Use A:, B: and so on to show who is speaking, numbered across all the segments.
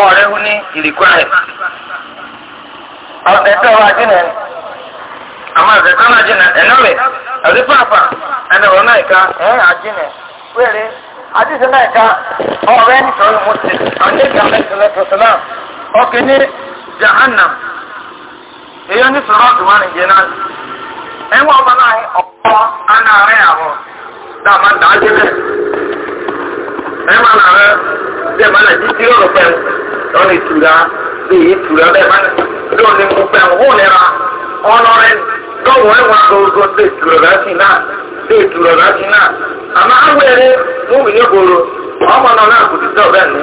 A: ọ̀rẹ́ hu ní ìlìkọ́ rẹ̀. ẹ̀tọ́ wa jìnnà àmọ́ ẹ̀tọ́ náà jìnnà ẹ̀nà rẹ̀ àti pàápà ẹ̀nà ọ̀rọ̀ náà ìka ẹ̀ àjìnnà wẹ́rẹ́ àdìsẹ́ náà ìka ọ̀rẹ́ nítorí mo ti àdéhùn àmẹ́sẹ̀lẹ̀ tuntun náà ọkẹ́ ní jahannam èyí ní sọ̀rọ̀ tó wà ní jẹ́nà ẹ̀wọ̀n ọba náà ọ̀pọ̀ aná rẹ̀ àwọ̀ dáàmà dáàjẹ́ bẹ́ẹ̀ ẹ̀wọ̀n àrẹ bẹ́ẹ̀ bá lẹ̀ lọ́nà ìtura bí ìtura bẹ́ẹ̀ bá lónìí mo pẹ̀ ń hùn nira ọlọ́rin lọ́wọ́ ẹ̀wọ̀n agogo bí ìtura bá ti náà bí ìtura bá ti náà àmọ́ awẹ́rẹ́ mú mi ní gbòòrò ọmọ náà náà kò ti tẹ̀ bẹ́ẹ̀ ni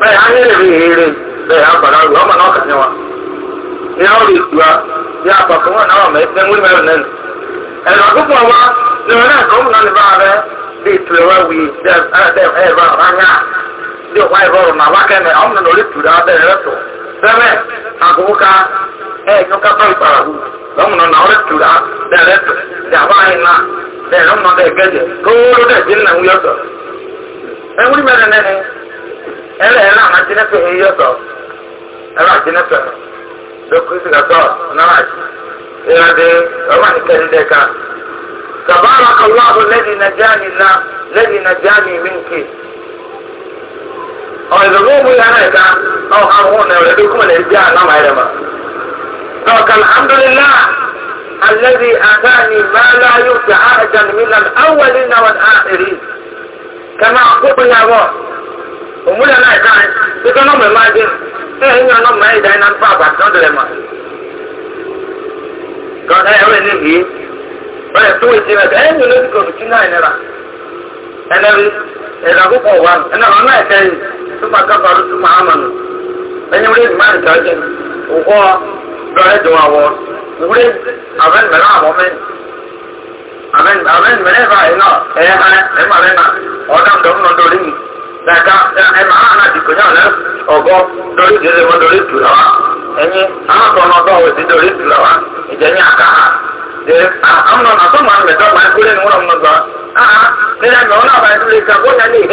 A: bẹ́ẹ̀ á yẹ̀rẹ̀ bẹ́ẹ̀ á gbàdá ọmọ náà kàn wá. ìyá ó lè bí ndị ọkwa ịrụ ọrụ na waka na ọmụ e, na olepụrụ abịa eretụ sebe agụka enyokata ịkpara hu ọmụ na olepụrụ abịa eretụ dị anyị na dị ọmụ egeje nna nwunye ọtọ enwuri mere nene ele ele ama chinefe ọtọ ele chinefe gatọ dị ọma nke ndị ka تبارك الله الذي نجاني الله الذي ọ̀rẹ́dẹ̀ ló ń wí yàrá ẹ̀ka náà àwọn ọ̀nà ẹ̀rọ ẹ̀dẹ́kùn lè jẹ́ àlámà ẹ̀rẹ̀ mọ́. dọ̀kà alhamdulilá alẹ́bi àdáni máàlá yóò fi àjàn mi nà áwọ̀lì náà wọ́n á èrè. kàmá àkókò yà wọ̀ òmùlẹ̀ náà ẹ̀ka ẹ̀ka náà mẹ̀ máa dín ẹ̀ ń yàn náà mẹ́ ìdá iná nípa àbá kan dẹ̀rẹ̀ mọ́. kọ́ńtà ẹ̀rọ ẹ̀ níbi ọ̀rẹ́ tó wẹ̀ ẹ̀ẹ́nì ló ti kọ̀ súnmọ́ káfàrú súnmọ́ àmọ̀nù ẹni wúlé ìgbà nìkan jẹ òkọ́ lọ́rẹ́ dùn àwọ̀ wúlé àbẹ́ni mẹ́rin àwọ̀ mẹ́rin àbẹ́ni mẹ́rin báyìí náà ẹ̀yẹ hàn ẹ̀ má mẹ́rin ọ̀dàm dọ̀m náà dọ̀rí mi dàda ẹ̀ má hàn àti kò yàn lẹ́ ọ̀gọ́ dọ̀rí dèrè wọn dọ̀rí tù lọ́wọ́ ẹ̀yin amọ̀tọ̀ náà bọ̀ wọ̀ sí dọ̀rí tù lọ́wọ́ ìjẹ́ni àkàhà dèrè àmọ̀ àtọ́mọ̀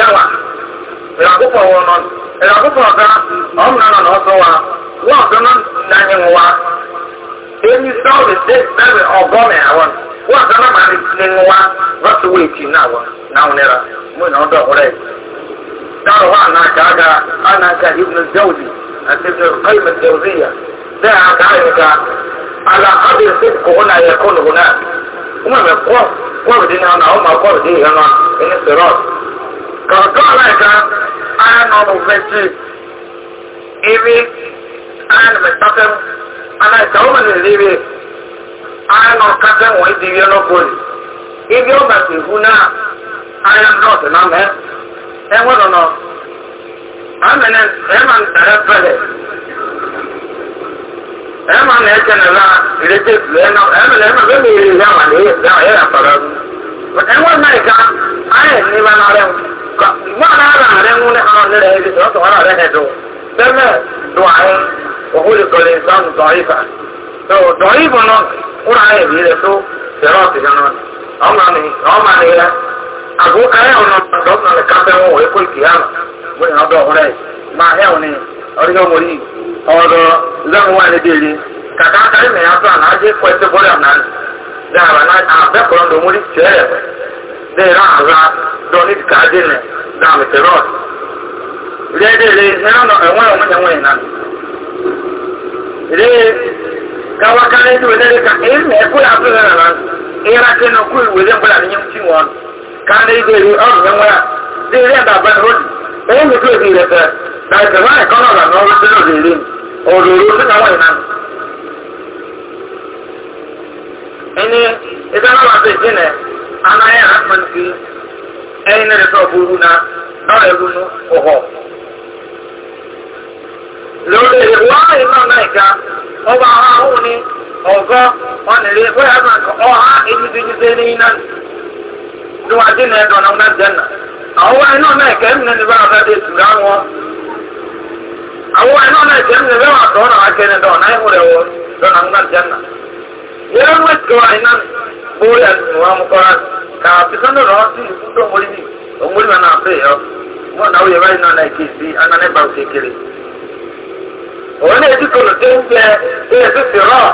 A: N ìràkúfọ̀ wọn nọ ìràkúfọ̀ ọ̀gá ọ̀hún nọ n'ọ̀sọ̀ wa wọ́n ọ̀dọ́ nọ n'anyị nwa eyi sọ́ọ̀rì dé bẹ́ẹ̀ ọ̀gọ́mẹ̀ àwọn wọ́n ọ̀dọ́ nọ màá ní nwa rọ́tù wọ̀ èkì náà wọn náà wọn nira mú iná ọ̀dọ̀ ọ̀rẹ́ dáhùn wọn àná-àkà àgà àná-àkà ibùdó jẹ́wùdì àti ibùdó kọ́ìmù jẹ́wùdìyà bẹ́ẹ̀ àgà àyùká àlàkọ́dé sí kòkó náà yẹ kónú náà wọ́n mẹ́kọ́ kọ́ọ̀dì náà ano no vete ebi ano me tatem ana ita o mene libe ano kate mo edi bi no boli ebi o ba se hu na aya not na me e wono no amene e man dare pele e man e kene la ilete e na e mene e ma be mi ya ma ni ya ya para ẹ̀wọ̀n náà ìka ayé ní ma náà rẹ̀ wọn náà rà rẹ̀ ń ní àwọn nílẹ̀ ẹ̀dí tó tó wọn rẹ̀ ẹ̀dọ̀ bẹ́ẹ̀ dùn àyè òhúri kọlẹ̀ ìsọ̀nù dọ̀ìfà tó dọ̀ìfà náà wọn ayé mi rẹ̀ tó tẹ̀rọ̀ ọ̀tì yẹn náà ọ̀ma ni ọ̀ma ni yẹ àgbo ayé ọ̀nà dọ̀ọ̀nà ní kápẹ́ wọn wọ̀ ẹ̀kọ́ ìkìyàmù bóyá ni ọ̀rẹ́ ọmọ yìí ọ̀dọ̀ lẹ́nu wà ní dèrè kàkà kárí mẹ́yà tó àná ajé pọ̀ ni dáhàrà náà àbẹ́kọ̀ọ́ ló múrí tẹ́ ẹ̀ lẹ́ẹ̀rọ àrà dọ́ní kàádé nẹ̀ dáhàmì tẹ̀rọ̀ lẹ́ẹ̀dẹ̀rẹ̀ ẹ̀rọ ẹ̀wọ̀n ẹ̀wọ̀n ẹ̀wọ̀n ẹ̀nà ilé káwákálẹ̀ ní wẹ́lẹ́rẹ́ ká ẹ̀mẹ́ ẹ̀kọ́ yà fún ẹ̀rọ náà ẹ̀rọ akẹ́ náà kú ìwẹ́lẹ́ mbọ́lá ní yẹn tí wọ́n káàdé ibẹ̀ rí ọ̀rùn yẹn wọ́n lẹ́ẹ̀rẹ́ àdàbà lónìí ẹ̀yẹ́ mi kúrò ní ìrẹsẹ̀ láìpẹ̀ wọ́n ẹ̀kọ́ náà lànà ọ̀rọ̀ ẹni ẹgbẹ́ náà wà ni ọ̀gọ́ ọ̀nìrè bóyá náà kọ na ejúdejúde ní iná níwájú náà ẹ̀dọ̀ náà jẹ́nà. àwọn iná náìka na náà ní bá yẹ́rọ ètò àìná bóyá ìwà mọ́kọ́ra kàfi sọ́nà rọ̀ sí ìfúndó mórí ni òmórí wọn náà bẹ́ẹ̀ yọ wọn náà yẹ báyìí náà kì í sí anáná ìgbà kékeré. òun náà ti kọlù tó ń jẹ ẹ fi fìrọ̀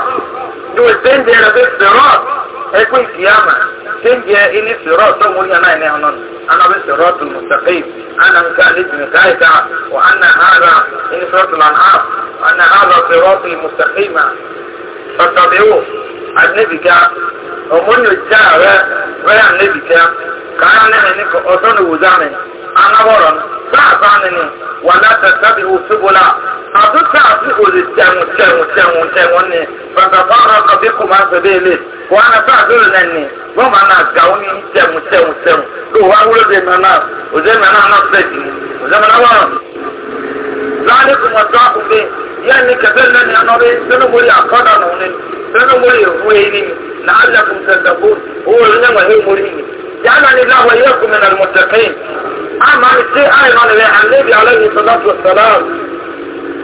A: ní wọ́n tó ń jẹ ẹ fi fìrọ̀ ẹgbẹ́ ìkìyàmà tó ń jẹ ilé fìrọ̀ tó mórí wọn náà ní ọ̀nà ana bi sọ̀rọ̀ tó mùsàfẹ́ ana nǹkan ní jìnnì káyìíká wà ana hàrà ilé fìrọ̀ tó lànà ana hàrà fìrọ̀ tó mùsàfẹ́ mà tọ̀tọ̀ bẹ́ẹ̀ wò. anabika ọmọnyi ọjà rẹ rẹ anabika kàrà nínú ní ọtọ ní wùzámi anáwọrọ sáàbà nínú wà láti sábì òṣùbọlá àdúgbò ni bàtàkọ́ ọ̀rọ̀ kọ̀bí kò máa ń sọ bẹ́ẹ̀ lé wọn náà sáà dúró náà ni wọn máa náà gàwọn ní tẹ̀wọ̀n tẹ̀wọ̀n tẹ̀wọ̀n ló wá wúlò dé yani kafin nan ya nore sani muri a kada na wani sani muri huwe ni na Allah kun sadabu huwe ne wa he muri ni jana ni lahu yakum min almuttaqin amma sai ayi nan ne annabi alaihi salatu wassalam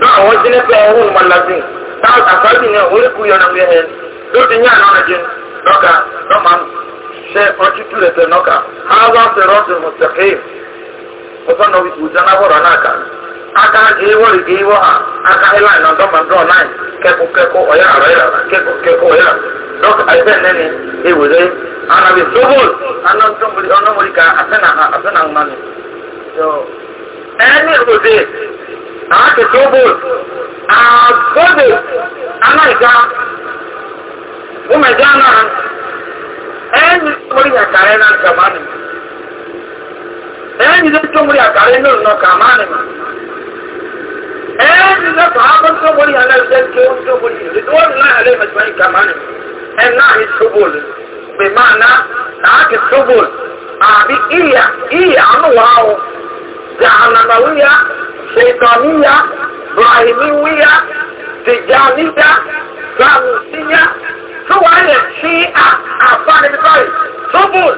A: da wajin ne ko hun mallazin ta ta sabi ne hore ku yana ne he do tin ya nan jin doka do man sai oji tule te noka hawa siratul mustaqim ko sanan wi jana horana ka aka ewo le ewo ha aka ila na ndo ma ndo nai keko keko oya ara ila keko keko oya dok aibe nene ewere ana bi sobol ana ndo muri ono muri ka asena ha asena mani so ẹni òde àti sobol àgbọdọ anáìka wọmẹjọ náà ẹni muri àkàrẹ náà kàmánì ẹni tó muri àkàrẹ náà kàmánì ẹni náà sọ abọ́ tó wọlé aláìjẹ́ tó ń tó wọlé ìdíwọ́n náà alẹ́ mẹ́tọ́ yìí kàmá ni ẹ̀ náà ní tóbol pè máa ná láti tóbol àbí ìyà ìyà àánú wa o jahanamáwíyá ṣèkàníyá brahimiwíyá tìjàníyá sàmùsíyá tó wàá yẹ sí àfáàní báyìí tóbol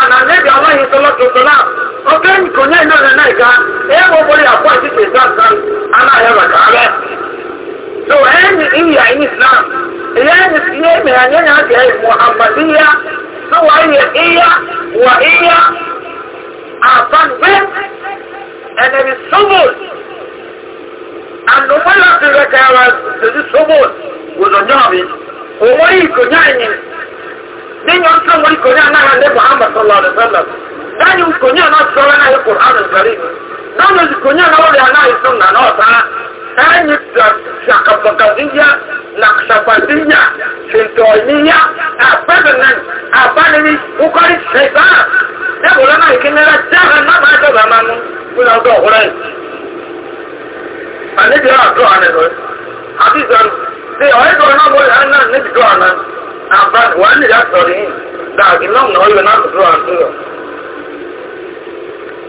A: ànàlẹ́bí ọ̀gá ní kò ní ìlú rẹ̀ náà ìka ẹ̀ wọ́n borí àpò àti kèéta san aláàyè bàtà rẹ̀. so ẹ̀ ní ìyá ní islam ìyá ní iye mìíràn yẹn náà jẹ́ muhammadiya so wà á yẹ ìyá wà ìyá àfàǹgbé ẹ̀nẹ̀bí sọ́bùl ànùmọ́lá ti rẹ̀ kẹ́ ara ṣèjú sọ́bùl wòlò náà mi òwò yìí kò ní àyìn nínú ọ̀sán wọ́n kò ní àná dani nkonyi a n'asọ ya na ekuru ha n'ekari dani nkonyi a n'awọli ya n'ayisu na n'ọta ẹni sakabakadiya laksabadiya sentọniya abadanan abanini ukari sẹta ẹwọlọ náà ìkínnira jáde náà ẹjọ bàmá mu fún ọdọ ọwọlọ yìí àníbi yà àdó àná ẹ̀rọ àbí ìzọrọ ṣe ọ̀rẹ́ dọ̀rọ̀ náà wọlé àná níbi dọ̀ àná àbá wà á nìyà sọ̀rọ̀ yìí dàgbé náà nà ọ̀yọ̀ náà dọ̀ àdó yọ̀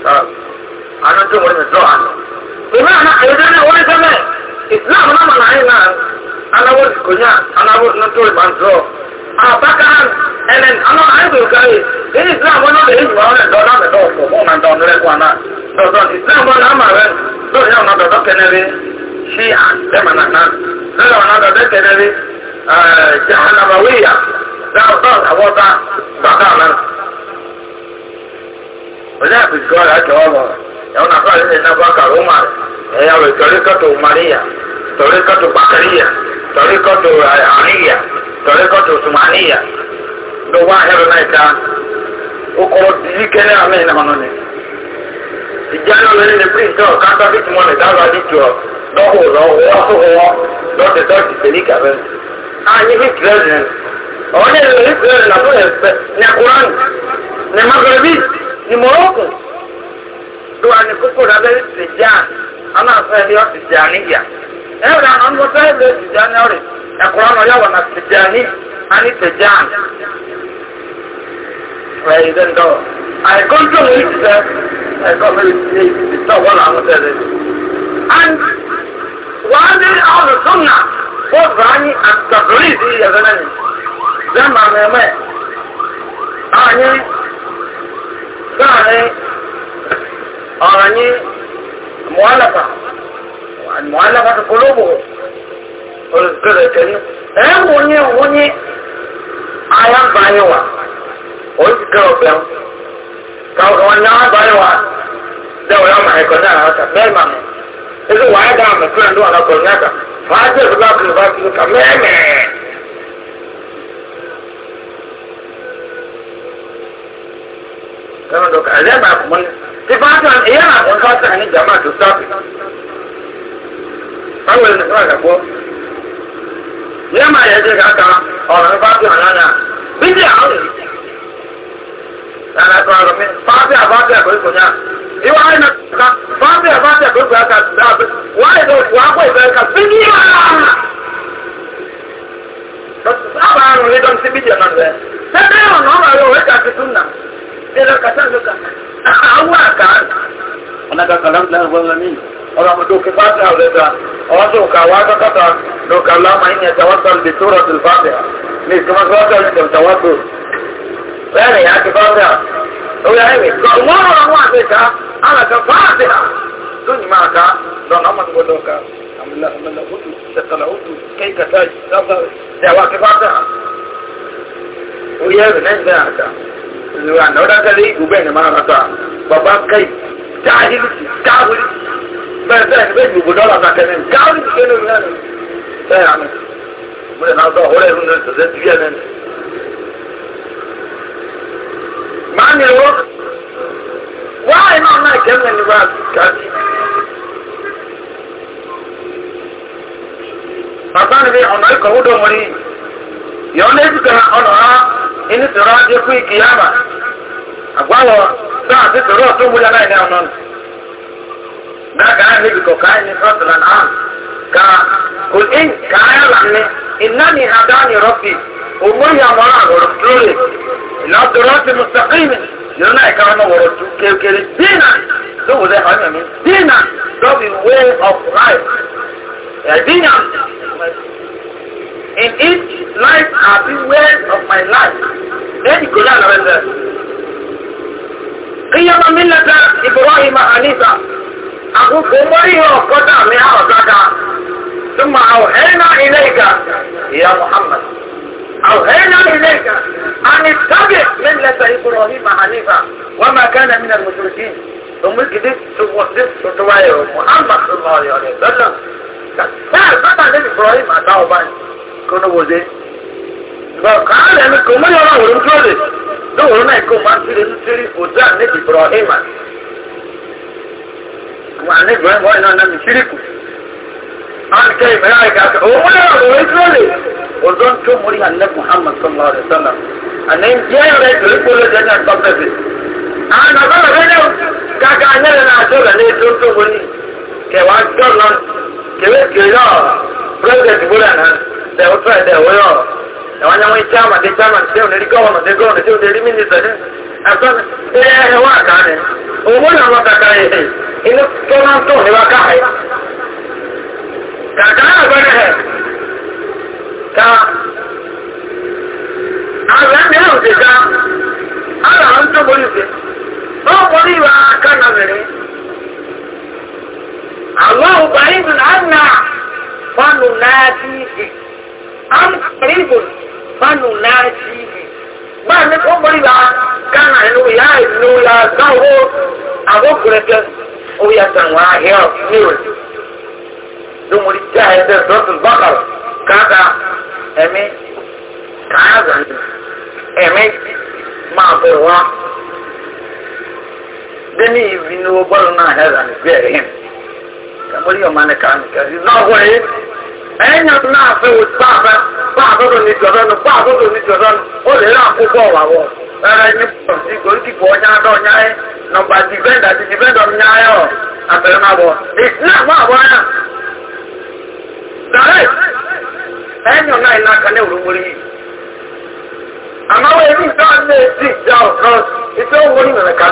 A: ana tó wọlé ní dọ́ọ̀ àná. Ìwé àná èdè ní wọlé sẹ́mẹ̀ ìsìláàmù náà màlá yín náà anáwó kònyà anáwó náà tó ìbá ń dọ́. Àbáká ẹnẹ àná àyẹ̀wò káyè ní ìsìláàmù náà lè yí wọn lẹ̀ dọ́ náà mẹ́tọ́ ọ̀pọ̀ fún ọ̀nà dọ́ọ̀ nílẹ̀ kwana. Dọ̀dọ̀ ìsìláàmù náà mà rẹ̀ lórí àwọn àdọ̀dọ̀ kẹnẹrẹ sí àtẹ̀mọ̀nàná lórí àwọn àdọ̀dọ̀ kẹnẹrẹ jahanabawiya dáwọ́ àwọn ọba bàbá náà ọjọ́ àpèjọ rẹ̀ àjọ ọ̀rọ̀ ẹ̀wọ̀n náà fáwọn ẹ̀dẹ̀ náà bá kà ó mà ẹ̀yà rẹ̀ maria tọ́rí kọ́tò bakaria tọ́rí kọ́tò Aniya, tọ́rí kọ́tò sumaniya ló wá ẹ̀rọ náà ta ọkọ̀ dìbí kẹ́lẹ́ àmì ìnáwó ni. ìjánu lórí ni píríntọ̀ káńtà bí tìmọ̀ nìta lọ àdìjọ lọ́wọ́ lọ́wọ́ lọ́tẹ̀ dọ́ọ̀tì tẹ̀lé kàbẹ́ ààyè bí kìlẹ̀ ọ̀rẹ́ ìlú ìkìlẹ̀ ìlànà ẹ̀fẹ̀ ní akúránì ní magrẹ́bí ní morocco ló wà ní kókó lábẹ́ tìjàn ọ̀nà àfẹ́ ní ọ̀tìjàn níyà ẹ̀rọ àwọn ọmọ sẹ́yìn lè tìjàn ní ọ̀rẹ́ ẹ̀kọ́ ọ̀nà yà wà ní tìjàn ní àní tìjàn rẹ̀ ìdè ń dọ̀ àìkọ́ńtò ní ìtìjẹ́ ẹ̀kọ́ mi ti ìtọ̀ wọ́n làwọn tẹ̀lé and wàá ní ọ̀rọ̀ tó nà ó bá ní àtàkùrì ìdí ìyàgbẹ́ náà ní láàrin ọ̀ràn ní mọ́álàfà mọ́álàfà tó polówó olùgbèrè tẹ̀lé ẹ̀ wọ́n ní wọ́n ní ayáǹbáyé wa olùgbèrè ọ̀bẹ káwọn wọn ní ayáǹbáyé wa dẹ́wọ̀ yá màá ẹ̀kọ́ náà ọ̀tà bẹ́ẹ̀ mà mí ẹ̀sìn wàá dá àmì fúlẹ̀ ní wàhálà kọ̀ọ̀nù náà kà fàájì ìfúláàfin ìfúláàfin kà mẹ́ẹ̀mẹ́ẹ̀. lọ́nà dọ̀kà ẹ̀rẹ́ bá kùn mọ́ ní. Fífa àtà ìyá àwọn fásitì àní jàmá tó sáfì. Báwo ni fún àgbàgbọ́? Ìyá máa yẹ jẹ́ kàkà ọ̀rọ̀ fásitì àlànà. Bíbí àwọn èèyàn. Lára kan àrùn mi, fásitì àfásitì àkóríkò náà. Ìwà ayé náà kà fásitì àfásitì àkóríkò náà kà dá abẹ́. Wọ́n lè lọ wà pọ̀ ìbẹ̀rẹ̀ kà bíbí àlànà. Sábà àrùn rí dọ́n sí bíbí àná rẹ̀. Sẹ́dẹ̀ ọ̀nà ọ̀rọ̀ rẹ̀ wẹ̀ kà ti tún náà. ẹ̀rọ kàtà lọ́kà àwọn àkà ọ̀nàkàkà lámìlá ọ̀gbọ́n lámìlá ọ̀rọ̀ àmọ̀dókè fàtà ọ̀lẹ́ta ọ̀wọ́sọ̀ọ̀kà wà kàkàtà lọ́kà lámà ìyẹn tàwátàlù bí tóra tó fàtà ní ìkọ́mọ́ tàwátàlù tó tàwátò bẹ́ẹ̀rẹ̀ yà á ti fàtà ọ̀rọ̀ àyẹ̀wẹ̀ kọ̀ wọ́n rọ̀ àwọn àfẹ́ká alàkà fàtà tó ní máa ká lọ́nà ọmọdé من الغدو شكل عدو كي كتاج دعوة كفاتها ويا ابن عندها zuwa na wadanda zai gube ne mana mata babba kai ta hilu ta wuri bai bai bai dubu dola na kanin ta wuri ke ne nan sai amin mun na zo hore hun nan zai tafiya nan ma ne ro wai ma na kenan ni ba ka ci Bàbá mi ọ̀nà ìkọ̀wé dọ̀mọ́rí, yọ̀ọ́ ní ìdúkà ọ̀nà ọ̀hán ini sọrọ adé kú ìkìyàmà àgbáwọ sọ àti sọrọ ọtún múlẹ náà ní ọ̀nà dáka ayé bí kọkà ayé ní sọtìlán án ká kò ní ká ayé lànà iná ní adá ní rọpì òmò yà wọn àwòrán tóórè ìlàtọrọ ti mùsàkìmì yóò náà ká wọn wọrọ tó kékeré dínà lówó dẹ ọyàn mi dínà lọ́bi way of life ẹ̀ dínà in each life are beware of my life then Quran verse qiyama millata ibrahim hanifa aku kumari ho kota me ha kata thumma awhayna ilayka ya muhammad awhayna ilayka an ittabi millata ibrahim hanifa wama kana min al-mushrikin ثم كده توصف توايو محمد صلى الله عليه وسلم كان فعلا فتح ابراهيم اتاو بان كونه وزين kàálẹ̀ ẹni kò mọ́ yọrọ òun tó lè lóòrò náà kó máa tiri tiri òjá níbi ibrahima wà ní ibrahima wọn náà mi tiri kù ànkẹ́ ìmọ̀lá ìgbà tó òun mọ́ yọrọ òun tó lè òjò tó múri ànẹ́ muhammad sallallahu alayhi wa sallam ànẹ́ jẹ́ rẹ̀ ìdòlè kó lè dẹ́nu ẹ̀kọ́ bẹ̀bẹ̀ àwọn àbá rẹ̀ ní gàgà ànyẹ́rẹ́ náà tó rẹ̀ ní ètò tó wọlé kẹwàá dọ́ọ̀lọ́ náà tẹ̀ awanya wani chairman de chairman seo ne governor de governor seo ne minister de asan eh he wa ka ne o mo na wa ka ka e ino to na to ne wa ka e ka ka na ba ne he ka ala ne o de ka ala an to boli se o boli wa ka na ne Allah ba'idun anna wa nunadi an qaribun fanu naaji ba ne ko bori la kana enu ya enu ya gawo ago kureke o ya tan wa heo niwe do mori ta ende dotul bakar kaka emi kaazan emi ma be wa deni ivinu ogboro na hezan be him kamori yo mane kan ka zi na wa ẹ̀yàn náà fẹ́ wò sí báàbẹ́ báàbẹ́ ní jọ̀dọ́nù báàbẹ́ ní jọ̀dọ́nù ó lè rà púpọ̀ wà wọ̀ ẹ̀rẹ́ ní pọ̀sí goríkìpọ̀ ọ̀nyá dọ̀ ọ̀nyá ẹ̀ nọmba dìbẹ́ndà ti dìbẹ́ndà ọ̀nyá ẹ̀ ọ̀ àbẹ̀rẹ̀ máa wọ̀ ìsìlẹ̀ máa wọ̀ ẹ̀yà. dàrẹ́ ẹ̀yàn náà iná kan ní òrùmọ́rí yìí àmọ́ wọ́n èmi ìjọ ní èsì ìjà ọ̀kan ìjọ òwúrò nìkan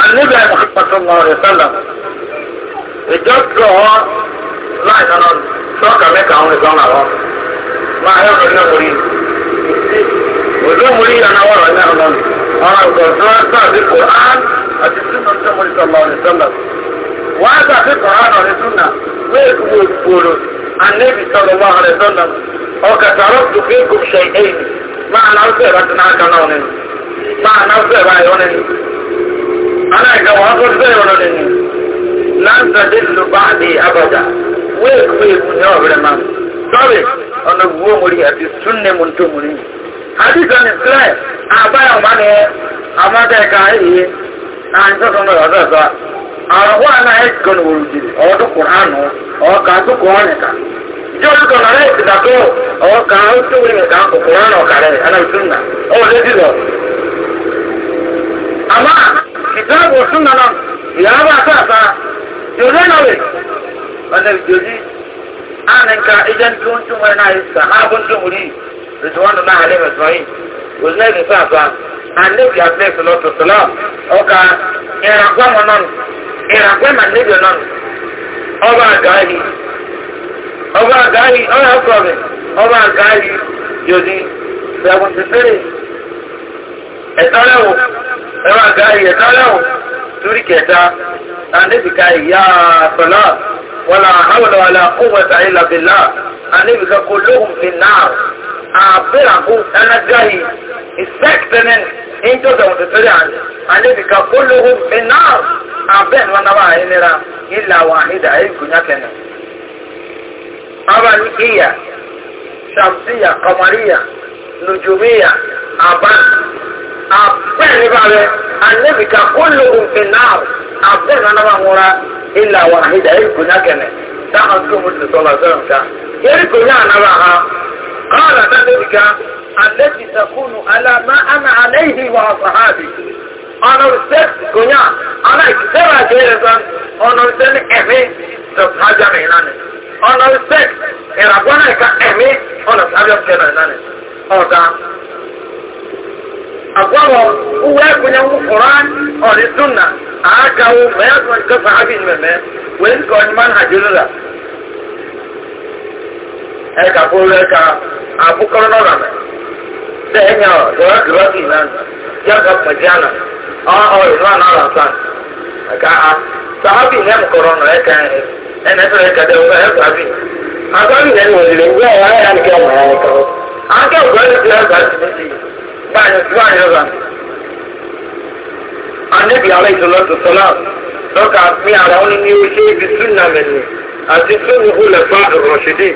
A: Àníbẹ̀ Mùsùlùmí ọ̀rẹ́ sẹ́lẹ̀. Ìjọ tó ọ láì nánà sọ́ọ̀kà mẹ́ta àwọn ìgbọ́n àwọn. Máa yọ ọ̀rọ̀ náà wọlé. Òjò múlí yàrá wọ̀rọ̀ náà lọ. Àwọn àgbọ̀ tó wá sọ àti Kùrán àti Súnà tó múlí sọ̀rọ̀ ọ̀rẹ́ sẹ́lẹ̀. Wọ́n á sọ àti Kùrán ọ̀rẹ́ Súnà wéèkú gbòòrò àníbi sọ̀rọ̀ wọ́n ọ̀rẹ́ sẹ́lẹ̀. Ọ̀kà tààrọ̀ tó fi kò ṣe é. Máa náà fẹ́ẹ̀ bá ti náà kan náà ní. Máa náà fẹ́ẹ̀ bá yọ ní ana ga wa ko sai wannan ne lan tadillu ba'di abada wek wek ne obere man sabe ona wo muri ati sunne mun to muri hadith an islam abaya mane amada ka yi an so no odo so ara wa na e kon wuru ji odo qur'an o ka to ko ne ka jo ko na re ti da ko o ka o ka ko qur'an o ka re ana sunna o le ti ama ìtàbù ọ̀tún nana ìyá bá sáàsá jòlè náà wè wọn lè jòlì àná nǹka ìjẹ́ ní tó ń tún wọn náà yìí sàn á bó ń tún wòlíì rìtìwọ́n nù náà alẹ́ mẹ́sàn yìí wòlíì náà yìí sáàsá ànẹ́bí abẹ́sì lọ́tọ̀ sọlá ọkà ìràgbọ́ mọ nọ́nù ìràgbọ́ mà nẹ́bí nọ́nù ọba àgáyì ọba àgáyì ọ̀rẹ́ ọkọ̀ mi ọba àgáyì jòlì seventy three ẹ̀tọ́lẹ́wò ẹ̀rọ àgáyé ẹ̀tọ́lẹ́wò lórí kẹta anẹ́bìkà ìyá àtọ́lá wọlá àwọlọ́ wọlá kúwẹ̀tà ìlàbìlá anẹ́bìkà kò lóhùn fi náà àbẹ̀ràkú ẹnagáyé ìsẹ́kìtẹ́nẹ́ ìjọba òtútúrẹ́ àná anẹ́bìkà kò lóhùn fi náà àbẹ̀rù ọ̀nàbà àyẹnira ìlà àwọn àhídà ẹ̀gùnyàkẹ́nà. Abalikiyya, Shamsiyya, Kamariyya, Nujumiyya, Aban, abẹ́ẹ̀ ní bàbẹ́ anẹ́bìkà kó ló ń fi náà abẹ́ẹ̀ ní anábà ńwúra ilà wà hídà yìí kò ní akẹ́nẹ̀ dáhà tó mu ti sọ̀rọ̀ sọ̀rọ̀ nǹkan yẹ́rì kò ní anábà ha kọ́ọ̀lá anẹ́bìkà anẹ́bì sàkúnù alámà àná àlẹ́yìí wà sàhábì ọ̀nà ìṣẹ́ kò ní àná wà jẹ́ yẹn sọ́n ọ̀nà ìṣẹ́ ní ẹ̀mí sọ̀hájà mi lánàá ọ̀nà ìṣẹ́ ìràgbọ́n náà ìka ẹ̀mí ọ̀nà ìṣẹ́ agwagwa uwe kwenye ngu koran ọrị sunna aga wo mẹ ọdún ẹgbẹ fàábì ní mẹmẹ wẹẹ ní kọrin máa ń hajj lóra ẹ kà kó rẹ ka abúkọrọ náà rà mẹ dẹ ẹ nyà ọ lọrọ dùrọ kì í nà yà kà pàjáàna ọ ọ ìlú a fàábì ní ẹmu kọrọ nà ẹ kà ẹ ẹ nà ẹ sọrọ ẹ kà dẹ ẹ fàábì àgbà mi nà ẹ nà ọ lè wúwo ẹ ni kẹ ẹ mọ ẹ nìkan ní ti báyọ̀ anabi alayhi salatu salam lọ́kà mi àwọn onímọ̀ ṣe ibi sunna mẹ́ni àti sunni hulẹ̀ fa rọ̀ṣídì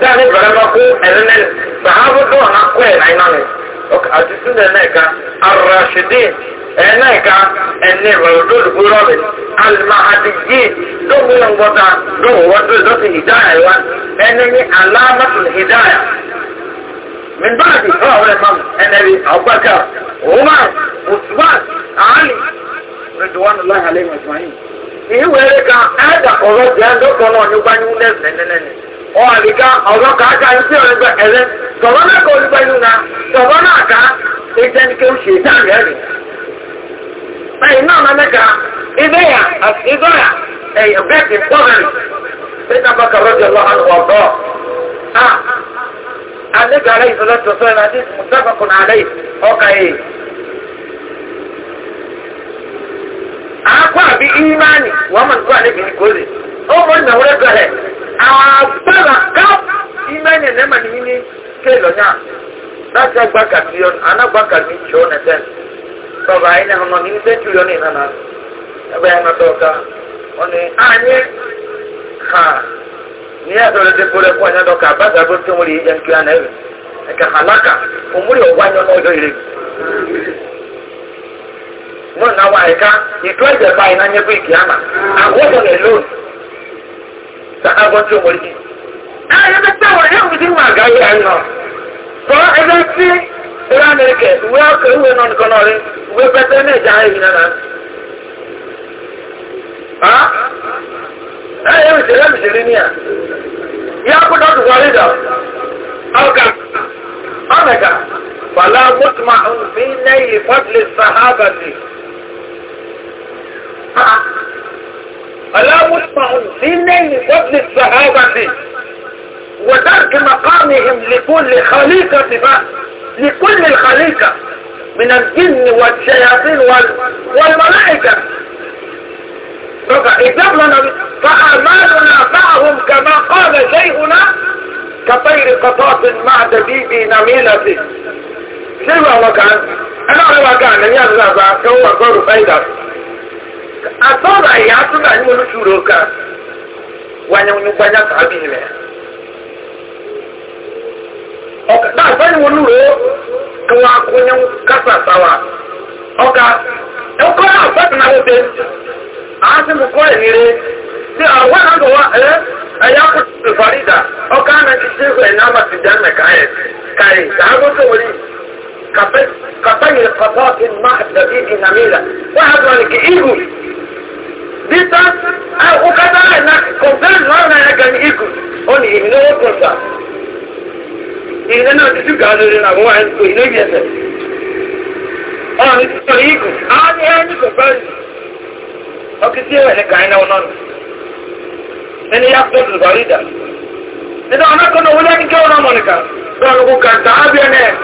A: dáàni bàrẹ́mà kó ẹ̀rẹ́nẹ́ sàhábù náà náà kó ẹ̀ náà iná mi àti sunni ẹ̀ náà ká arọ̀ṣídì ẹ̀ náà ká ẹ̀ní rọ̀dọ̀dọ̀ gbúrọ̀ mi alimahadi yìí dókòwò ńgbọ́ta dókòwò wọ́n tó ìdọ́sìn hidaya من بعد هو الإمام النبي أبو بكر عمر عثمان علي رضوان الله عليهم أجمعين ìwé ẹ̀ka ẹ̀dà ọ̀rọ̀ jẹ́ ẹ̀dọ́kọ̀ náà ní gbanyú lẹ́sẹ̀ẹ́nẹ́nẹ́ni ọ̀rìnká ọ̀rọ̀ kàákà ń sí ọ̀rìnká ẹ̀rẹ́ sọ̀rọ̀ náà kò ní gbanyú náà sọ̀rọ̀ náà ká ẹ̀jẹ̀nìkẹ́ ń ṣe dáàrí ẹ̀rìn. báyìí náà máa mẹ́ka ìbéyà àti ìdọ́yà ẹ̀yẹ̀ bẹ́ẹ̀ ti pọ̀ rẹ̀ النبي عليه الصلاة والسلام حديث متفق عليه أوكي akwa bi imani waman kwa ne bin kole o mon na wore gale a bala ka imani ne man ni ke lo nya da ta gba ka ti on ana gba ka ni cho ne ten so ba ina ho no ni se tu yo ne na na ba na to ka oni anye ha ni ya dole te pole kwa nyando ka ba da gote muri ya kila na hivi ka halaka umuri wa o no do ile no na wa ka ni to je ba ina nyebu ikiama agogo ne lo ta agote muri ah ya ta wa ya mudi wa ga ya no so ebe ti ira ne ke we ka we no ko no re we pete ne ja ina na ah ẹ̀yẹ́ òṣèré mìṣèré ní à yá kó dọ́tù sọ̀rọ̀ ìdọ̀ ọ̀gá ọ̀mẹ̀gà pàlá mọ́tìmá fi lẹ́yìn fọ́tìlẹ̀ sàhábàtì pàlá mọ́tìmá fi lẹ́yìn fọ́tìlẹ̀ sàhábàtì وترك مقامهم لكل خليقة لكل الخليقة من الجن والشياطين وال... والملائكة رجع إجاب لنا فأعمالنا معهم كما قال شيخنا كطير قطاط مع دبيب نميلته شيء ما أنا على وكان أنا أزعل كوا كوا فايدة أتوقع يا أتوقع إنه نشوفه كان وأنا ونبني تعبين له ọka taa sani wọn luro kawa akonya kasa sawa ọka ẹkọ náà fẹsẹ náà wọbẹ tí àwọn àgbọ̀wá ẹ ẹ̀yà kò tó farida ọkà náà ti ṣe ìwé náà bá ti jẹ́ mẹ́ka ẹ̀ kàì kàágó tó wọlé kàpẹ́yì kọ̀tọ́ ti má dàbí ìnàmílà wọ́n á gbọ́ ní kí ihu dídá ọkàdá ẹ̀ náà kọ̀ǹtẹ́ẹ̀n náà náà yẹ gan ihu ó ní ìnáwó kọ̀ǹtà ìnáwó ti ṣùgbọ́n lórí náà wọ́n á ń tó ìnáwó yẹn sẹ́ ọ̀rọ̀ ní ti sọ ihu á ní ẹ̀ ní kọ̀ǹtà ọkì sí ìwé ẹni yá pẹ́ tùtù sọ̀rọ̀ ìdá ẹ̀dá ọ̀nàkọ́nà owó lẹ́ni kí ọ̀nà mọ̀nìkà bọ́ọ̀lù kò kà tà á bí ẹni ẹ̀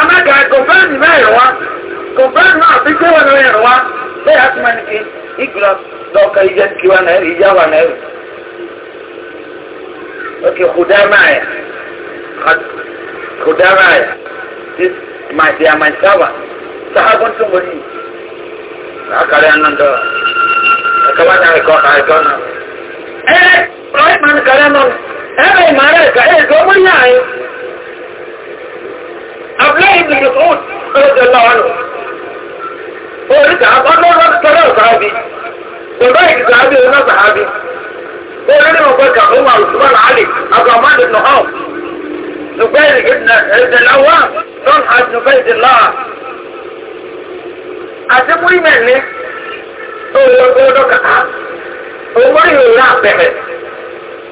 A: anága kọ̀fẹ́ẹ̀nì mẹ́rin wá kọ̀fẹ́ẹ̀nì náà fi kí wọn rẹ̀ wá bẹ́ẹ̀ àti mẹ́ni kí ìgbìlọ̀ lọ́ọ̀kà ìjẹ́ kí wọn náà rí ìjà wà náà rí. ok kùdàmáyà kùdàmáyà this my dear my servant sahabon tó mọ̀ ní. àkàrẹ́ ànàndọ́ àkàwádà ẹ̀kọ́ àìkọ́ náà eh rahman karaman eh bai mara ka eh zo mun yayi abla ibn mas'ud radiyallahu anhu ori ka ba no ro tara sahabi ko bai ka sahabi na sahabi ko ne ko ka umar usman ali abdurrahman ibn auf نبيل ابن ابن العوام طلحة بن عبيد الله أتمنى منك أو يقول لك omori yi e na pɛmɛ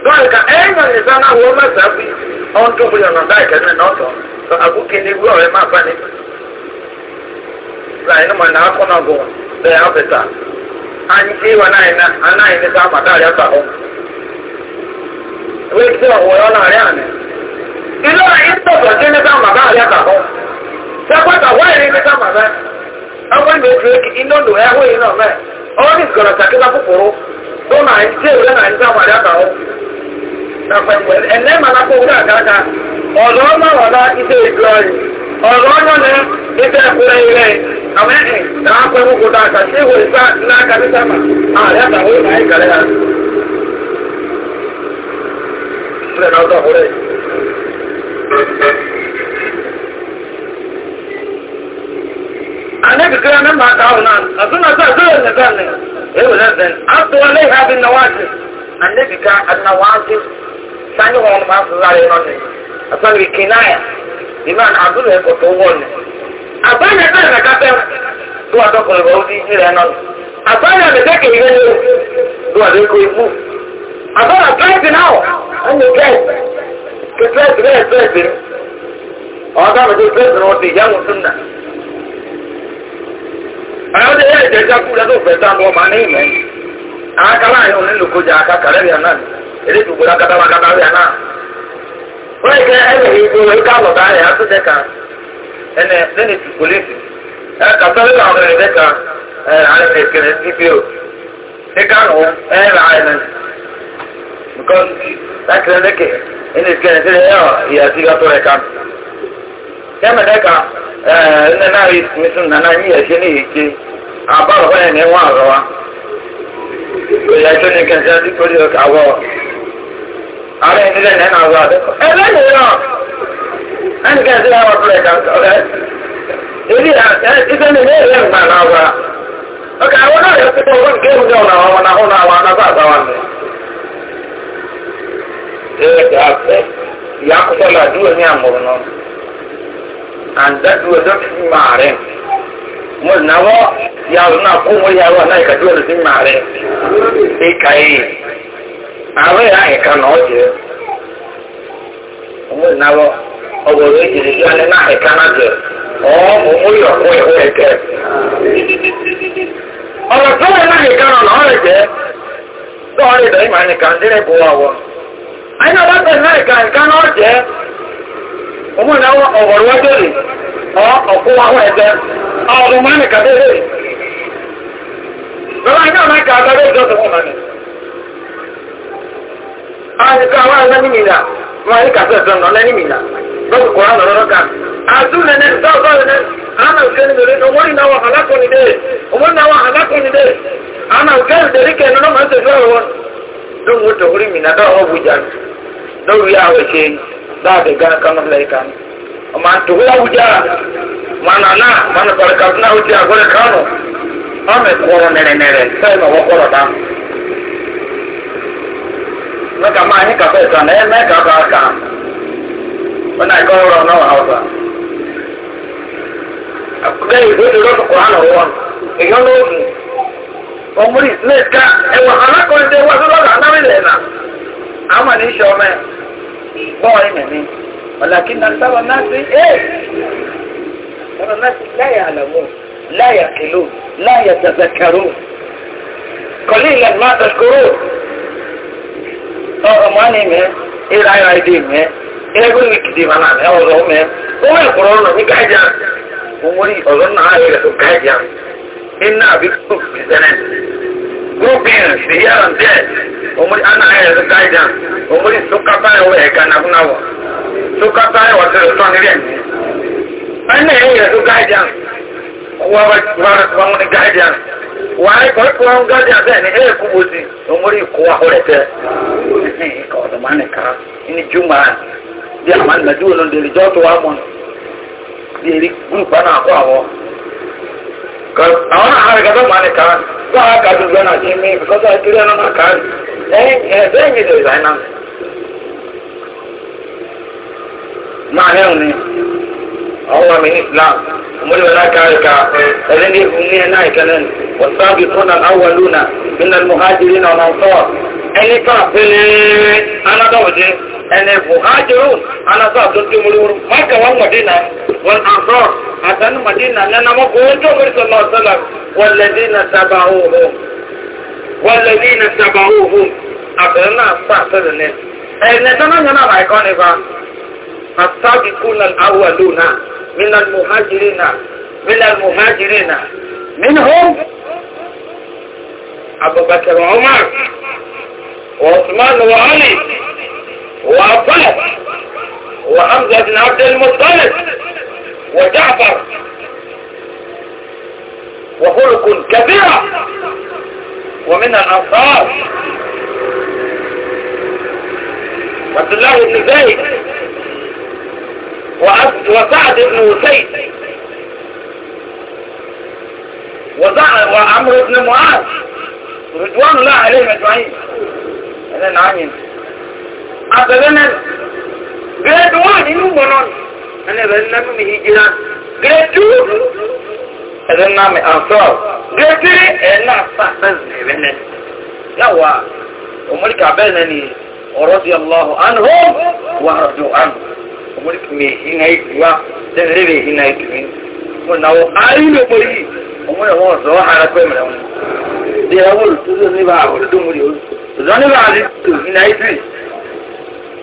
A: lɔri ka na wo ma sa fi ɔn tó fi ɔnà da ìkẹsẹ na-egwu ọrịa kìíní wúlò ɔyɛ má na ni láyé ní ma nà akɔ na anáyé nisa ama dá àlẹ́ àtàwọ̀ wíyí tí wà wòye ɔnà àlẹ́ àná ìlú ayé tọ̀tọ̀ tí nisa ama dá àlẹ́ àtàwọ̀ sẹ́kọ̀tà wáyé nisa ama dá ɛwọ́n ní oṣù inú ndò ɛwọ́ yìí tó náà ń tẹ́ ìwé náà ń tẹ́ àpàdé àkàwọ́ nàpẹ̀pẹ̀ ẹ̀nẹ́ màá kó wúrà dáadáa ọ̀dọ́ ọmọ ọ̀la iṣẹ́ ìgbọ́rin ọ̀dọ́ ọmọ ní iṣẹ́ ìpínlẹ̀ ilẹ̀ àwọn ẹ̀hìn náà pẹ́ gbogbo dáadáa sí ìwé ìfà náà kàbí sábà ààrẹ àtàwọn ìmọ̀ ìkàlẹ̀ yà. Ilẹ̀ náà dọ̀ wúrẹ̀.
B: Àná kìkìrì àná màá kà náà, àtúnà yau nan
A: zan abdu wa lai habin na wasu annabi ka annawasu sani wọn ma su zara yi nọni asan yi kinaya iman abdu na ẹkọ tó wọn ni abanya náà na kápẹ́ tó wà dọkùnrin bọ̀ ọdún ìjì rẹ nọni abanya na dẹkẹ ìwé ni tó wà dẹkọ ikú abanya gẹẹsì náà ẹni gẹẹsì kẹsì gẹẹsì gẹẹsì ọ̀dọ́ mi tó gẹẹsì náà wọ́n ti yẹ́wọ̀n sunna ọ̀yọ́ ọdẹ yẹ ìjẹjẹ kú lẹ́tọ̀ fẹ́ sáà lọ́ọ́ máa ní ìmọ̀ yìí àwọn akálà yẹn òní lóko jẹ àká kàrẹ́ rẹ̀ náà èdè tó gbọdọ̀ kátà wà kátà rẹ̀ náà wọ́n yìí kẹ́ ẹ̀rọ yìí gbọ́ ẹ̀ka lọ́dà rẹ̀ á tó dẹ́ ka ẹnẹ lẹ́nu tù polisi ẹ̀ kàtọ́lẹ́ làwọn rẹ̀ dẹ́ ka ẹ̀ alẹ́ rẹ̀ kẹrẹ́ sí bí o ẹ̀ ká nù ẹ̀ rà ẹ̀ nà because láti rẹ̀ dẹ́kẹ̀ ẹ̀ ní kẹrẹ́ sí ẹ̀ ọ̀ nne na ahụ isi isi nna na anyị ya-eche n'ihi ike abalụkwa ya na-enwe arụwa ya eche n'ike nche ndị kpọrọ ya ka awọ ara ya niile na na-azụ adị ebe enyi ya anyị ga-ezi ya ọtụrụ ya ka ezi ya ise na na-ere mma na agwa ọka awọ na ya kwụkwọ ọgwụ nke ewu na ọwa na ahụ na awa na azụ awa nne ee ga-afụ ya akwụkwọ na duo onye a mụrụ and that was not in mare mo na wo ya na ko mo ya wo na ka do le sin mare e kai awe ra e ka no je mo na wo o wo re ji ya le na e ka na je o mo mo yo ko e ko e ke ọ̀rọ̀ tó lè náà nìkan ọ̀nà ọ̀rẹ́ jẹ́ tó ọ̀rẹ́ ìdọ̀ ìmọ̀ nìkan dínlẹ̀ bọ̀ wọ̀. àyìnbá bá tẹ̀ náà nìkan nìkan náà jẹ́ ọmọ ìnáwó ọ̀gọ̀rọ̀ wọ́n tẹ̀lé ọ ọ̀kú àwọn ẹ̀jẹ̀ ọ̀rùn máa nìkan tẹ̀lé. Bàbá iná máa kà àgbà lóòjọ́ tó wọ́n mọ̀ni. Àyíká àwọn ẹ̀rọ ní mìíràn máa ní kàtó ẹ̀sọ́ nọ lẹ́ni mìíràn lọ́kùn kọ́ àwọn ọ̀rọ̀ kan. Àtú nẹ̀nẹ̀ sọ́ọ̀sọ́ nẹ̀nẹ̀ àná òkè ní lórí ọmọ ìnáwó alákùnrin dé ọmọ ìnáwó alákùnrin dé àná òkè ní lórí kẹ́ lọ́mọ ẹ̀sẹ̀ fẹ́ wọn. Lóhùn ó tọ̀ orí mìíràn dọ́wọ́ bùjà lórí àwẹ̀ ṣe daabe gana kanu lai kanu ma tuhuwa wuja mana na mana barka na wuja gore kanu ame koro nere nere sai ma wakoro da na ka ma ni ka fe ka ne me ka ka ka wana ko ro no ha ba akai ko ro ko ana won e yo no omuri ne ka e wa ana ko de wa ro na na me le na ama ni sho me bọ́ọ̀rì mẹ́rin ọ̀làkí náà sábà náà sí ẹ́ eh! sábà náà sí láyà àlàmú láyà kìlú láyà tàzàkàrú kọ́lé ìlànà máa tàkúrò ọ̀rọ̀ máa ní mẹ́ ìlà ayọ̀ àìdè mẹ́ ẹgbẹ́ ìkìdì máa nà mẹ́ ọ̀rọ̀ mẹ́ owó ìkọ̀rọ̀ ọ̀rọ̀ ní kájà mo mọ̀ ọ̀rọ̀ náà ayọ̀ rẹ̀ tó kájà iná àbí kò go beings here and there omuli anaghị omuli sokata wee ga na hụnawa sokata ya wasịrị ụtọ nri emi anaghị ezi guidance wawani guidance wàá kọ́ ẹ̀kọ́ wọn gáàdì abẹ́ ni ẹ̀ kú bòsì omori kó ahọ́rẹ̀ tẹ́ ẹ̀ka ọ̀dọ̀mọ́ àwọn náà àrẹ kàtọ́ máa ní ká wọ́n á kájú gbẹ́nà sí mi bíkọ́sọ́ ìpínlẹ̀ náà máa kárí ẹ̀yìn ẹ̀ẹ́dẹ́yìn mi lè máa hẹ́hùn ni àwọn àmì ní islam ọmọdé wọn náà kárí ká ẹ̀rẹ́ ní ìhùn ní ẹ̀ná ìkẹ́lẹ́ wọ́n sábì fún àwọn lónà nínú muhajirin ọ̀nà ọ̀tọ́ ẹni tó àpẹẹrẹ anádọ́wọ̀dé ẹni buhajiru anasa àtúntò múlùmúlù mọ́kà wọn mọ̀dínà wọn àtọ́ àtàní mọ̀dínà nínú ọmọkùn wọn tó múlùmúlù sọlọ sọlọ wọn lẹ́dí na sábà hóhó wọn lẹ́dí na sábà hóhó àbẹ̀rẹ̀ náà sọ àtẹ̀rẹ̀ ní. ẹ̀ẹ́dẹ̀ dáná yẹn náà láìkọ́ ní fa asábìkú na awà lónà minna muhajiri na minna muhajiri na minna hó abubakar omar osman wa ali. وعباس وحمزة بن عبد المطلب وجعفر وخلق كبيرة ومن الأنصار عبد الله بن زيد وسعد بن وسيد وعمرو بن معاذ رضوان الله عليهم اجمعين انا àtẹ̀lẹ́ náà gírẹ́dì wà nínú wọn náà ẹni ẹ̀rẹ́ nínú mi yìí jìnnà gírẹ́dì ẹ̀rẹ́ náà mi àǹsọ́ gírẹ́dì ẹ̀rẹ́ náà sá fẹ́ẹ̀sì ẹ̀rẹ́ náà yàwá ọmọdéka bẹ́ẹ̀ náà ni ọ̀rọ̀ di ọlọ́hu àná hó wà á dùn àná ọmọdéka mi ìhìnà ìdùwà dẹ́nrẹ́ mi ìhìnà ìdùwì mo nà wọ ayé ló bọ̀ yìí ọmọdé wọn sọ ọ́ ara pẹ́ mẹ́rẹ̀ wọn. ìyàwó olùtúndùn níbà olùdómọdé olùtúndùn níbà àdìsù ìhìnà ìdùwì.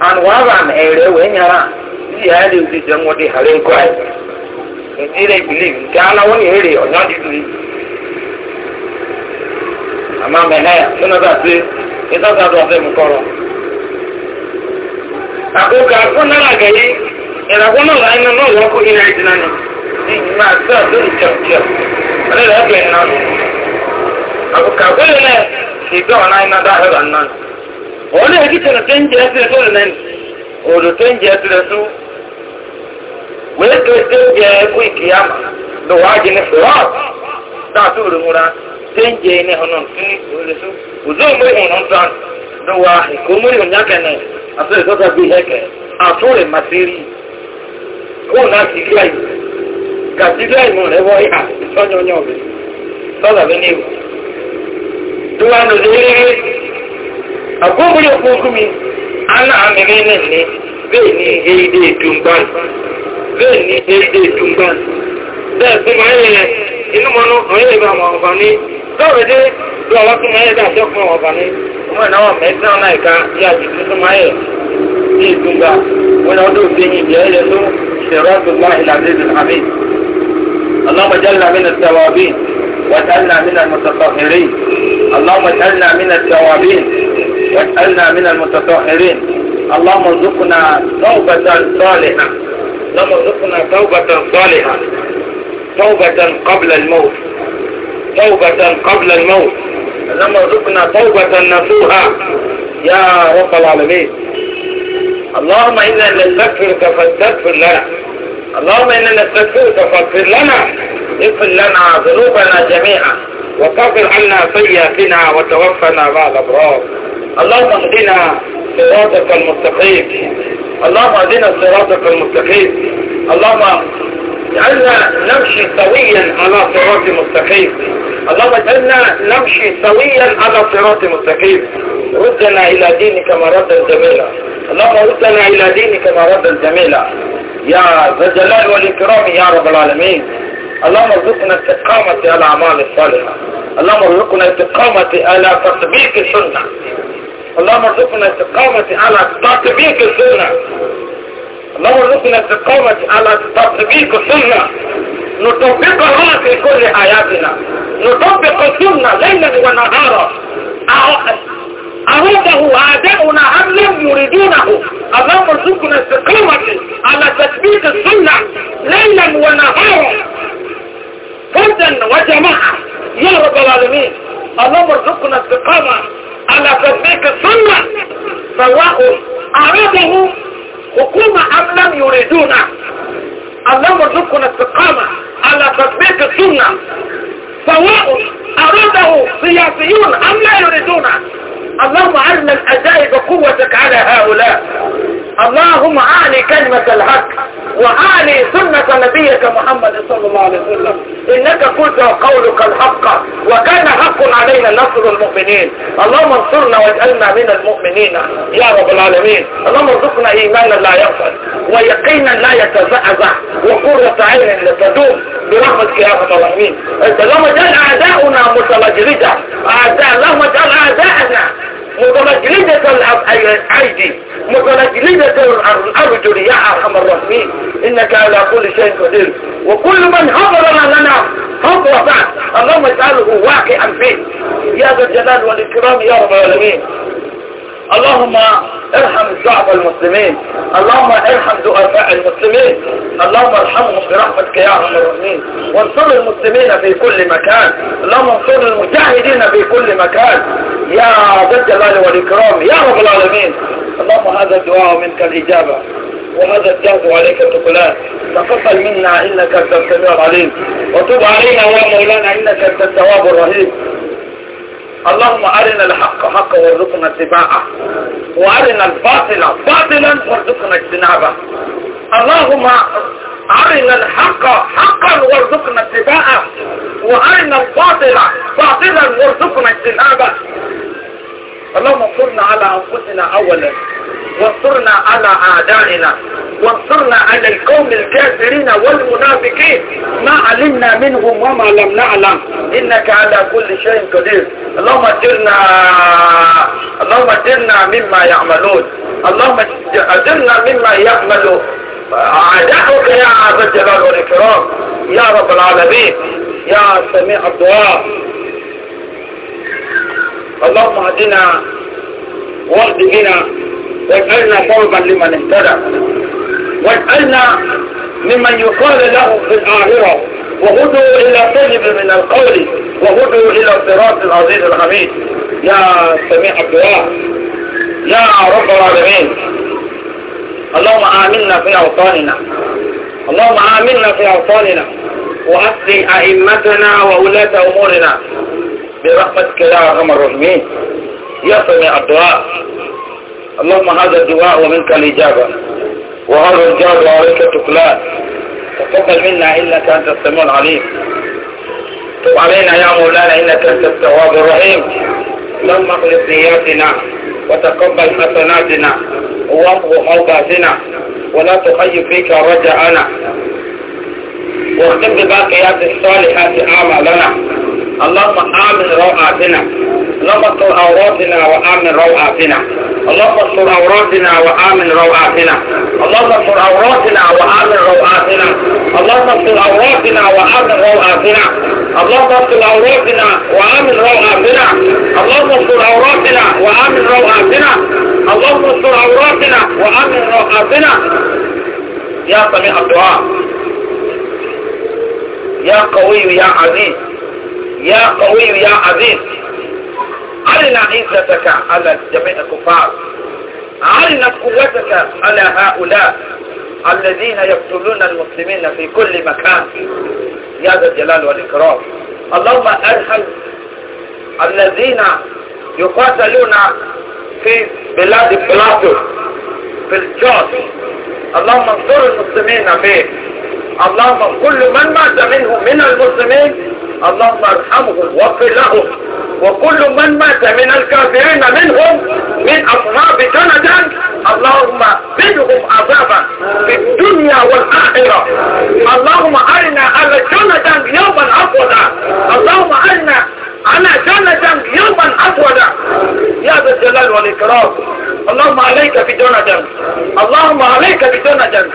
A: and waban ere we nyara si ya le uti je ngodi hare ko believe nti ala woni ere onyo di tu ama me na ya no da se ita da do se mu koro ako ka ko na la gai era ko no la no no ko ina itina ni ni ma sa do ni chap chap ale la ke na ako ka ko le ne ti do na ina da hera na wọ́n lè kíkẹ̀rẹ̀ tó ń jẹ́ ẹsẹ̀ tó rẹ̀ lẹ́nu òòlù tó ń jẹ́ ẹsẹ̀ tó wèé tó tó jẹ́ ẹkú ìkìyàmà ló wá jẹ ní fúrọ́ọ̀ dáàtú òrùmúra tó ń jẹ́ ní ọ̀nà tó ní òòlù tó òdó ìmú ìhùn ń tán ló wá ìkó mú ìhùn yákẹ́nẹ̀ àti ìtọ́ta bí hẹ́kẹ́ àtúrè màtírí kó náà ti gíláì kàtíláì mú rẹ̀ wọ́ ìhà ìtọ́nyọ́nyọ́ rẹ̀ sọ́dọ̀ agbóhùn yóò kún fún mi ana amẹ́rẹ́ náà ní bẹ́ẹ̀ ni èyídé ìdùnbán bẹ́ẹ̀ ni èyídé ìdùnbán bẹ́ẹ̀ tó máa ń yẹ inú mọ́nú ọ̀yẹ́ ìbá àwọn ọ̀bà ní lọ́rọ̀ dé bí ọwọ́ tó máa ń yẹ dá àṣẹ fún ọ̀bà ní ọmọ ìnáwó mẹ́sàn-án náà ìka yá àjùmí tó máa ń ní ìdùnbá wọn ni ọdún òbí yìí bẹ́ẹ̀ yẹ tó tó máa ń làbẹ́ ìdùnàmí اللهم اجعلنا اللهم اجعلنا من التوابين واجعلنا من المتطهرين اللهم ارزقنا توبة صالحة اللهم ارزقنا توبة صالحة توبة قبل الموت توبة قبل الموت اللهم ارزقنا توبة نفوها يا رب العالمين اللهم إنا نستغفرك فاستغفر لنا اللهم إنا نستغفرك فاغفر لنا اغفر لنا ذنوبنا جميعا وكفر عنا سيئاتنا وتوفنا مع الأبرار اللهم اهدنا صراطك المستقيم اللهم اهدنا صراطك المستقيم اللهم اجعلنا نمشي سويا على صراط مستقيم اللهم اجعلنا نمشي سويا على صراط مستقيم ردنا الى دينك مردا جميلا اللهم ردنا الى دينك مردا جميلا يا ذا الجلال والاكرام يا رب العالمين اللهم ارزقنا استقامة على الاعمال الصالحة اللهم ارزقنا استقامة على تطبيق السنة اللهم ارزقنا استقامة على تطبيق السنة اللهم ارزقنا استقامة على تطبيق السنة نطبقها في كل حياتنا نطبق السنة ليلا ونهارا أراده أعداؤنا أم لم يريدونه اللهم ارزقنا استقامة على تثبيت السنة ليلا ونهارا فردا وجماعة يا رب العالمين اللهم ارزقنا استقامة على تطبيق السنة سواء أراده حكومة أم لم يريدونه اللهم ارزقنا استقامة على تطبيق السنة سواء أراده سياسيون أم لا يريدونه اللهم علم الأجائب قوتك على هؤلاء اللهم اعلي كلمة الحق واعلي سنة نبيك محمد صلى الله عليه وسلم انك قلت وقولك الحق وكان حق علينا نصر المؤمنين اللهم انصرنا واجعلنا من المؤمنين يا رب العالمين اللهم ارزقنا ايمانا لا يغفل ويقينا لا يتزعزع وقرة عين لتدوم برحمتك يا رب العالمين اللهم اجعل اعداؤنا متمجردة اعداء اللهم اجعل اعداءنا متمجلدة الأيدي متمجلدة الأرجل يا أرحم الراحمين إنك على كل شيء قدير وكل من حضر لنا حضر بعد اللهم اجعله واقعا فيه يا ذا الجلال والإكرام يا رب العالمين اللهم ارحم الشعب المسلمين اللهم ارحم ضعفاء المسلمين اللهم ارحمهم برحمتك يا رب العالمين، وانصر المسلمين في كل مكان اللهم انصر المجاهدين في كل مكان يا ذا الجلال والاكرام يا رب العالمين اللهم هذا الدعاء منك الاجابه وهذا الجهد عليك التقلال تقبل منا انك انت السميع العليم وتب علينا يا مولانا انك انت التواب الرحيم اللهم أرنا الحق حقا وارزقنا اتباعه وأرنا الباطل باطلا وارزقنا اجتنابه اللهم أرنا الحق حقا وارزقنا اتباعه وأرنا الباطل باطلا وارزقنا اجتنابه اللهم انصرنا على أنفسنا أولا وانصرنا على أعدائنا وانصرنا على القوم الكافرين والمنافقين ما علمنا منهم وما لم نعلم إنك على كل شيء قدير اللهم اجرنا اللهم اجرنا مما يعملون اللهم اجرنا مما يعمل أعدائك يا عز الجلال والإكرام يا رب العالمين يا سميع الدعاء اللهم اهدنا وارض بنا واجعلنا قربا لمن اهتدى واجعلنا ممن يقال له في الآخرة وهدوا إلى طيب من القول وهدوا إلى صراط العزيز الحميد يا سميع الدعاء يا رب العالمين اللهم آمنا في أوطاننا اللهم آمنا في أوطاننا وأصلي أئمتنا وولاة أمورنا برحمتك يا أرحم الراحمين سميع الدعاء اللهم هذا الدعاء ومنك الإجابة وهذا الجواب عليك التكلان تقبل منا إنك أنت السميع العليم تب علينا يا مولانا إنك أنت التواب الرحيم اللهم اخلص نياتنا وتقبل حسناتنا وامغ حوباتنا ولا تخيب فيك رجعنا واختم بباقيات الصالحات اعمالنا اللهم امن روعاتنا اللهم استر عوراتنا وآمن روعاتنا اللهم استر عوراتنا وآمن روعاتنا اللهم استر عوراتنا وآمن روعاتنا اللهم استر عوراتنا وآمن روعاتنا اللهم استر عوراتنا وآمن روعاتنا اللهم استر عوراتنا وآمن روعاتنا اللهم استر وآمن روعاتنا يا سميع الدعاء يا قوي يا عزيز يا قوي يا عزيز علنا عزتك على جميع الكفار علنا قوتك على هؤلاء الذين يقتلون المسلمين في كل مكان يا ذا الجلال والإكرام اللهم أرحم الذين يقاتلون في بلاد بلاطو في الجوش اللهم انصر المسلمين فيه اللهم كل من مات منهم من المسلمين اللهم ارحمهم واغفر لهم وكل من مات من الكافرين منهم من أصحاب جندا اللهم بدهم عذابا في الدنيا والآخرة اللهم أرنا على جندا يوما عفوا اللهم أرنا أنا جوناثان يوما أسودا يا ذا الجلال والإكرام اللهم عليك بجوناثان اللهم عليك بجوناثان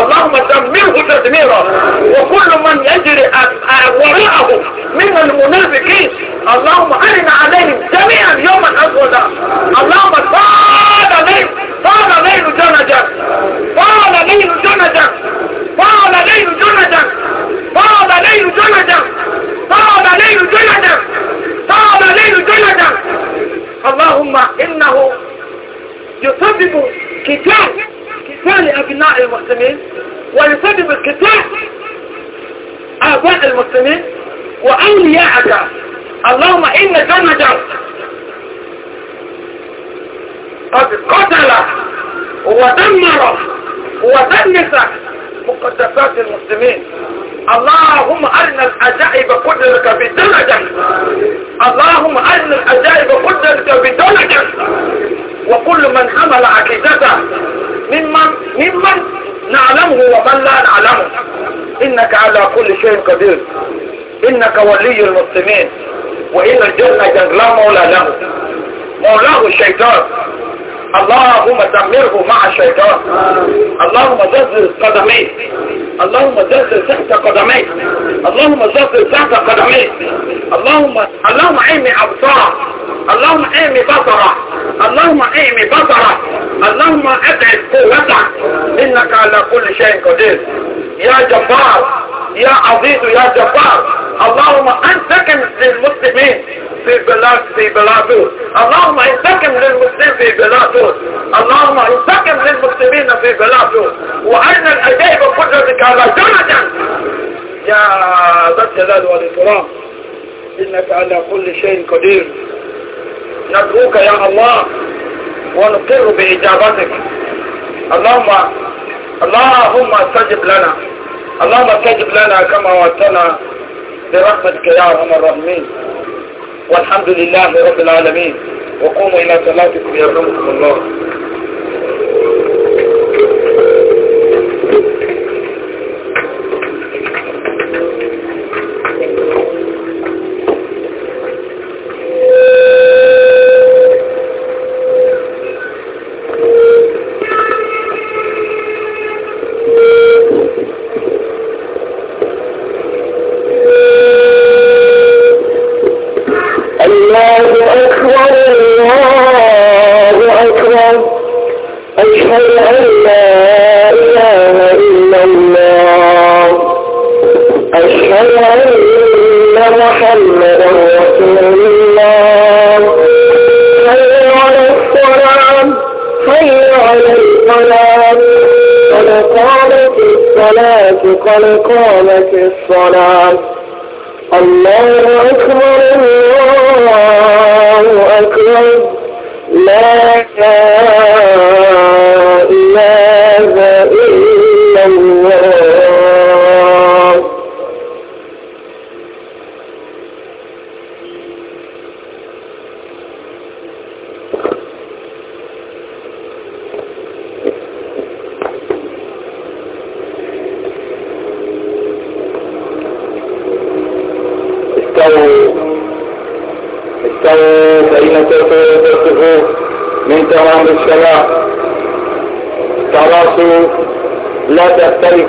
A: اللهم دمره تدميرا وكل من يجري وراءه من المنافقين اللهم أرنا عليهم جميعا يوما أسودا اللهم صاد ليل صاد ليل جوناثان صاد ليل جوناثان طال ليل جلدا طال ليل جلدا طال ليل جلدا طال ليل جلدا اللهم إنه يسبب كتاب كتاب أبناء المسلمين ويسبب كتاب آباء المسلمين وأولياءك اللهم إن جندا قد قتل ودمر ودنس مقدسات المسلمين اللهم أرنا العجائب قدرك بدرجة اللهم أرنا العجائب قدرك بدرجة وكل من حمل عقيدته ممن ممن نعلمه ومن لا نعلمه إنك على كل شيء قدير إنك ولي المسلمين وإن الجنة جنة لا مولى له مولاه الشيطان اللهم دمره مع الشيطان اللهم زلزل قدميه اللهم زلزل تحت قدميه اللهم زلزل تحت قدميه اللهم اللهم اعمي ابصار اللهم اعمي بصره اللهم اعمي بصره اللهم ابعد قوتك انك على كل شيء قدير يا جبار يا عزيز يا جبار اللهم انت للمسلمين في بلاد في بلادوس اللهم انتقم للمسلم في بلاده اللهم انتقم للمسلمين في بلاده وارنا الأجيب قدرتك على جنة يا ذا الجلال والاكرام انك على كل شيء قدير ندعوك يا الله ونقر باجابتك اللهم اللهم استجب لنا اللهم استجب لنا كما وعدتنا برحمتك يا ارحم الراحمين والحمد لله رب العالمين وقوموا إلى صلاتكم يرحمكم الله
B: قد قامت الصلاة الله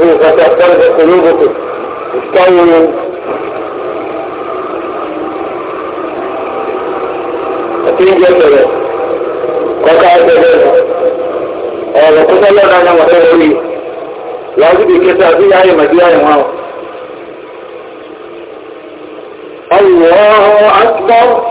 A: قلوبه وتعترض قلوبكم استووا أتين جسده قطع جسده
B: أولا قطع لنا أنا
A: وحيوي واجب الكتابي أي مديان هاو
B: الله أكبر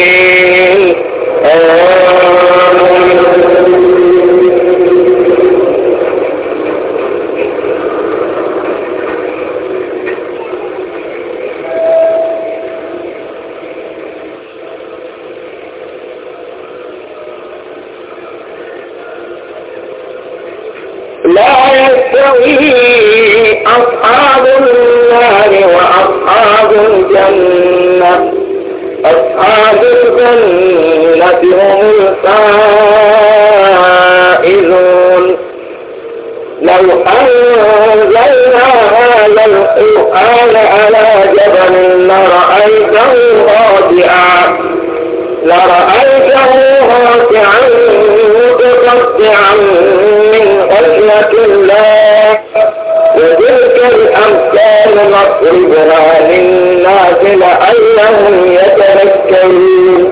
B: أصحاب الجنة هم الفائزون لو أنزلنا
A: هذا القرآن على جبل لرأيته خاضعا لرأيته خاضعا متصدعا من خشية الله الشيطان مخرجها للناس لعلهم يتذكرون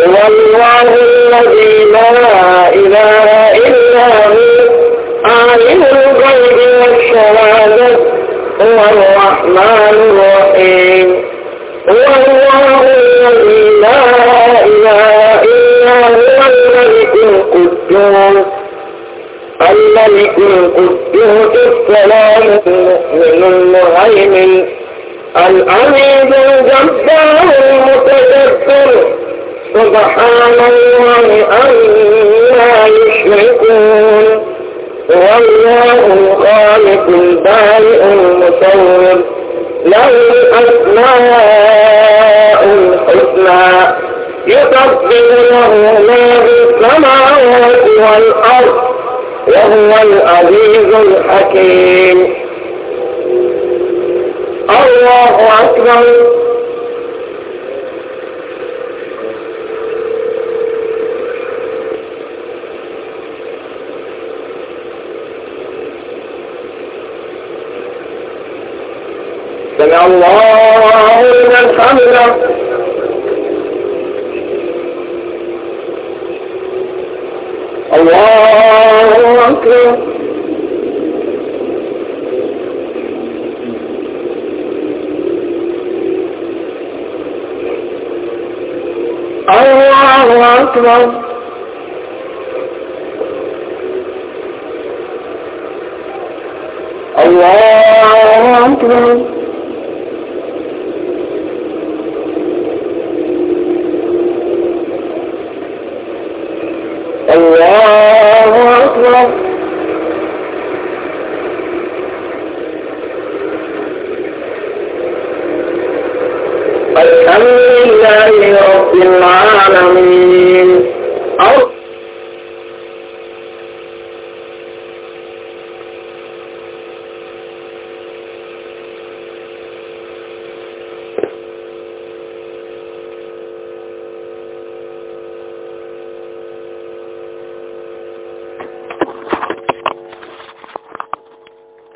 A: هو الله الذي
B: لا إله إلا هو عالم الغيب والشهادة هو الرحمن الرحيم هو الله الذي لا إله إلا هو الملك القدوس الملك القدوس
A: السلام المؤمن المهيمن العميد الجبار المتكبر سبحان الله
B: عما يشركون هو الله الخالق البارئ المصور له الأسماء
A: الحسنى يسبح له ما في السماوات والأرض وهو العزيز الحكيم الله أكبر
B: through الله أكبر